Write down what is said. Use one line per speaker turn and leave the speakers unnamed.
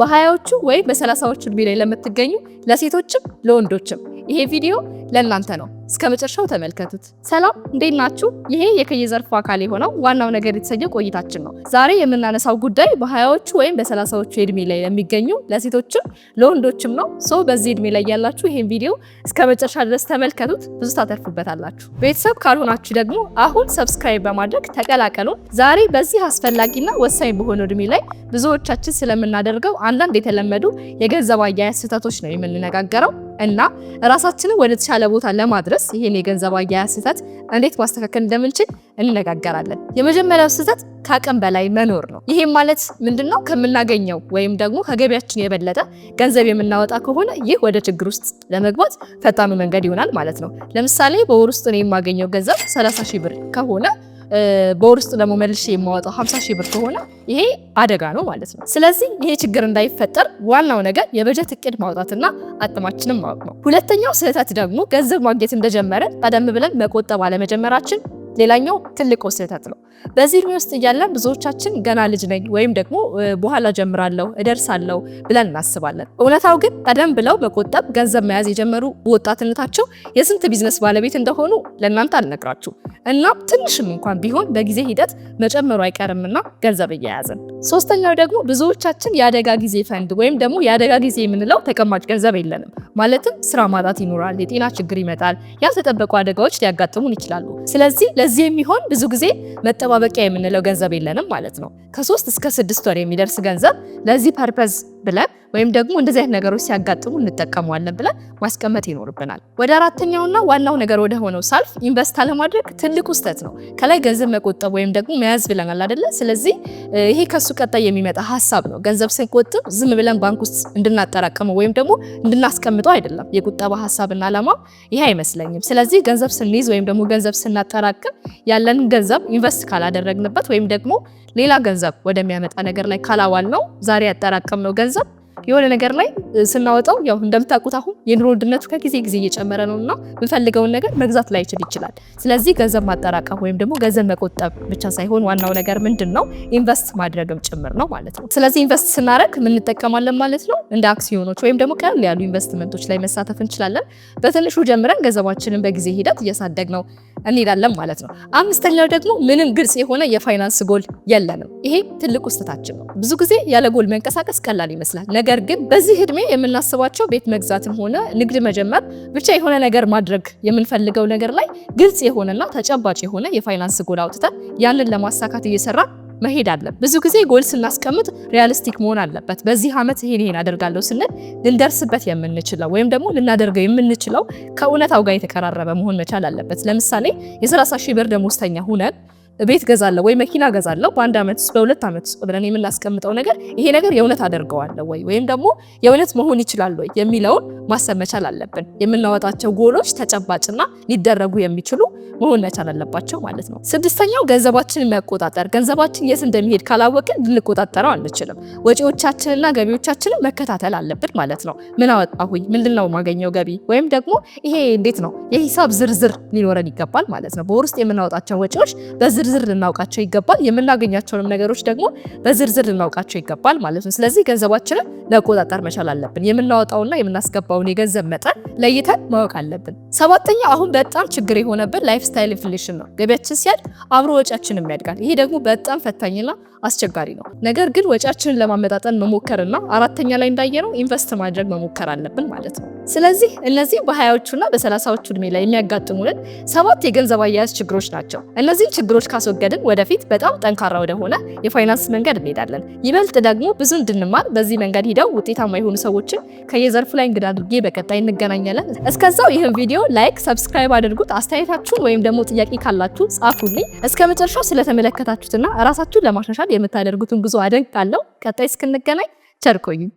በሀያዎቹ ወይም በሰላሳዎቹ እድሜ ላይ ለምትገኙ ለሴቶችም ለወንዶችም ይሄ ቪዲዮ ለእናንተ ነው። እስከ መጨረሻው ተመልከቱት። ሰላም እንዴት ናችሁ? ይሄ የከየዘርፉ አካል የሆነው ዋናው ነገር የተሰኘው ቆይታችን ነው። ዛሬ የምናነሳው ጉዳይ በሀያዎቹ ወይም በሰላሳዎቹ እድሜ ላይ ለሚገኙ ለሴቶችም ለወንዶችም ነው። ሰው በዚህ እድሜ ላይ ያላችሁ ይህን ቪዲዮ እስከ መጨረሻ ድረስ ተመልከቱት፣ ብዙ ታተርፉበታላችሁ። ቤተሰብ ካልሆናችሁ ደግሞ አሁን ሰብስክራይብ በማድረግ ተቀላቀሉን። ዛሬ በዚህ አስፈላጊና ወሳኝ በሆነ እድሜ ላይ ብዙዎቻችን ስለምናደርገው አንዳንድ የተለመዱ የገንዘብ አያያዝ ስህተቶች ነው የምንነጋገረው። እና ራሳችንን ወደ ተሻለ ቦታ ለማድረስ ይህን የገንዘብ አያያዝ ስህተት እንዴት ማስተካከል እንደምንችል እንነጋገራለን። የመጀመሪያው ስህተት ከአቅም በላይ መኖር ነው። ይህም ማለት ምንድን ነው? ከምናገኘው ወይም ደግሞ ከገቢያችን የበለጠ ገንዘብ የምናወጣ ከሆነ ይህ ወደ ችግር ውስጥ ለመግባት ፈጣኑ መንገድ ይሆናል ማለት ነው። ለምሳሌ በወር ውስጥ ነው የማገኘው ገንዘብ 30 ሺህ ብር ከሆነ በወር ውስጥ ደግሞ መልሼ የማወጣው 50 ሺህ ብር ከሆነ ይሄ አደጋ ነው ማለት ነው። ስለዚህ ይሄ ችግር እንዳይፈጠር ዋናው ነገር የበጀት እቅድ ማውጣትና አጥማችንም ማወቅ ነው። ሁለተኛው ስህተት ደግሞ ገንዘብ ማግኘት እንደጀመረ ቀደም ብለን መቆጠብ አለመጀመራችን ሌላኛው ትልቁ ስህተት ነው። በዚህ እድሜ ውስጥ እያለን ብዙዎቻችን ገና ልጅ ነኝ ወይም ደግሞ በኋላ ጀምራለሁ እደርሳለሁ ብለን እናስባለን። እውነታው ግን ቀደም ብለው መቆጠብ፣ ገንዘብ መያዝ የጀመሩ በወጣትነታቸው የስንት ቢዝነስ ባለቤት እንደሆኑ ለእናንተ አልነግራችሁ። እናም ትንሽም እንኳን ቢሆን በጊዜ ሂደት መጨመሩ አይቀርምና ገንዘብ እያያዝን። ሶስተኛው ደግሞ ብዙዎቻችን የአደጋ ጊዜ ፈንድ ወይም ደግሞ የአደጋ ጊዜ የምንለው ተቀማጭ ገንዘብ የለንም። ማለትም ስራ ማጣት ይኖራል፣ የጤና ችግር ይመጣል፣ ያልተጠበቁ አደጋዎች ሊያጋጥሙን ይችላሉ። ስለዚህ ለዚህ የሚሆን ብዙ ጊዜ መጠባበቂያ የምንለው ገንዘብ የለንም ማለት ነው። ከሶስት እስከ ስድስት ወር የሚደርስ ገንዘብ ለዚህ ፐርፐዝ ብለን ወይም ደግሞ እንደዚህ አይነት ነገሮች ሲያጋጥሙ እንጠቀመዋለን ብለን ማስቀመጥ ይኖርብናል። ወደ አራተኛውና ዋናው ነገር ወደ ሆነው ሳልፍ ኢንቨስት አለማድረግ ትልቅ ውስተት ነው። ከላይ ገንዘብ መቆጠብ ወይም ደግሞ መያዝ ብለናል አይደለ? ስለዚህ ይሄ ከሱ ቀጣይ የሚመጣ ሀሳብ ነው። ገንዘብ ስንቆጥብ ዝም ብለን ባንክ ውስጥ እንድናጠራቀመው ወይም ደግሞ እንድናስቀምጠው አይደለም። የቁጠባ ሀሳብና አላማ ይሄ አይመስለኝም። ስለዚህ ገንዘብ ስንይዝ ወይም ደግሞ ገንዘብ ስናጠራቅም ያለን ገንዘብ ኢንቨስት ካላደረግንበት ወይም ደግሞ ሌላ ገንዘብ ወደሚያመጣ ነገር ላይ ካላዋል ነው ዛሬ ያጠራቀምነው ገንዘብ የሆነ ነገር ላይ ስናወጣው ያው እንደምታውቁት አሁን የኑሮ ውድነቱ ከጊዜ ጊዜ እየጨመረ ነው እና የምንፈልገውን ነገር መግዛት ላይችል ይችላል። ስለዚህ ገንዘብ ማጠራቀም ወይም ደግሞ ገንዘብ መቆጠብ ብቻ ሳይሆን ዋናው ነገር ምንድን ነው ኢንቨስት ማድረግም ጭምር ነው ማለት ነው። ስለዚህ ኢንቨስት ስናደርግ የምንጠቀማለን ማለት ነው። እንደ አክሲዮኖች ወይም ደግሞ ቀለል ያሉ ኢንቨስትመንቶች ላይ መሳተፍ እንችላለን። በትንሹ ጀምረን ገንዘባችንን በጊዜ ሂደት እያሳደግ ነው እንሄዳለን ማለት ነው። አምስተኛው ደግሞ ምንም ግልጽ የሆነ የፋይናንስ ጎል የለንም። ይሄ ትልቁ ስህተታችን ነው። ብዙ ጊዜ ያለ ጎል መንቀሳቀስ ቀላል ይመስላል። ነገር ግን በዚህ እድሜ የምናስባቸው ቤት መግዛትም ሆነ ንግድ መጀመር፣ ብቻ የሆነ ነገር ማድረግ የምንፈልገው ነገር ላይ ግልጽ የሆነና ተጨባጭ የሆነ የፋይናንስ ጎል አውጥተን ያንን ለማሳካት እየሰራ መሄድ አለ። ብዙ ጊዜ ጎል ስናስቀምጥ ሪያሊስቲክ መሆን አለበት። በዚህ ዓመት ይሄን ይሄን አደርጋለሁ ስንል ልንደርስበት የምንችለው ወይም ደግሞ ልናደርገው የምንችለው ከእውነታው ጋር የተቀራረበ መሆን መቻል አለበት። ለምሳሌ የ30 ሺህ ብር ደሞዝተኛ ሁነን ቤት ገዛለሁ ወይ መኪና ገዛለሁ በአንድ ዓመት ውስጥ በሁለት ዓመት ውስጥ ብለን የምናስቀምጠው ነገር ይሄ ነገር የእውነት አደርገዋለሁ ወይ ወይም ደግሞ የእውነት መሆን ይችላል ወይ የሚለውን ማሰብ መቻል አለብን። የምናወጣቸው ጎሎች ተጨባጭና ሊደረጉ የሚችሉ መሆን መቻል አለባቸው ማለት ነው። ስድስተኛው ገንዘባችንን መቆጣጠር። ገንዘባችን የት እንደሚሄድ ካላወቅን ልንቆጣጠረው አንችልም። ወጪዎቻችንና ገቢዎቻችንን መከታተል አለብን ማለት ነው። ምን አወጣሁኝ፣ ምንድን ነው የማገኘው ገቢ ወይም ደግሞ ይሄ እንዴት ነው የሂሳብ ዝርዝር ሊኖረን ይገባል ማለት ነው። በወር ውስጥ የምናወጣቸው ወጪዎች በዝር በዝርዝር ልናውቃቸው ይገባል። የምናገኛቸውንም ነገሮች ደግሞ በዝርዝር ልናውቃቸው ይገባል ማለት ነው። ስለዚህ ገንዘባችንን መቆጣጠር መቻል አለብን። የምናወጣውና የምናስገባውን የገንዘብ መጠን ለይተን ማወቅ አለብን። ሰባተኛ አሁን በጣም ችግር የሆነብን ላይፍ ስታይል ኢንፍሌሽን ነው። ገቢያችን ሲያድ አብሮ ወጪያችንም ያድጋል። ይሄ ደግሞ በጣም ፈታኝና አስቸጋሪ ነው። ነገር ግን ወጪያችንን ለማመጣጠን መሞከርና አራተኛ ላይ እንዳየነው ኢንቨስት ማድረግ መሞከር አለብን ማለት ነው። ስለዚህ እነዚህ በሀያዎቹና በሰላሳዎቹ እድሜ ላይ የሚያጋጥሙልን ሰባት የገንዘብ አያያዝ ችግሮች ናቸው። እነዚህን ችግሮች ካስወገድን ወደፊት በጣም ጠንካራ ወደሆነ የፋይናንስ መንገድ እንሄዳለን። ይበልጥ ደግሞ ብዙ እንድንማር በዚህ መንገድ ሂደው ውጤታማ የሆኑ ሰዎችን ከየዘርፉ ላይ እንግዳ አድርጌ በቀጣይ እንገናኛለን። እስከዛው ይህን ቪዲዮ ላይክ፣ ሰብስክራይብ አድርጉት። አስተያየታችሁን ወይም ደግሞ ጥያቄ ካላችሁ ጻፉልኝ። እስከ መጨረሻው ስለተመለከታችሁትና ራሳችሁን ለማሻሻል የምታደርጉትን ጉዞ አደንቃለሁ። ቀጣይ እስክንገናኝ ቸር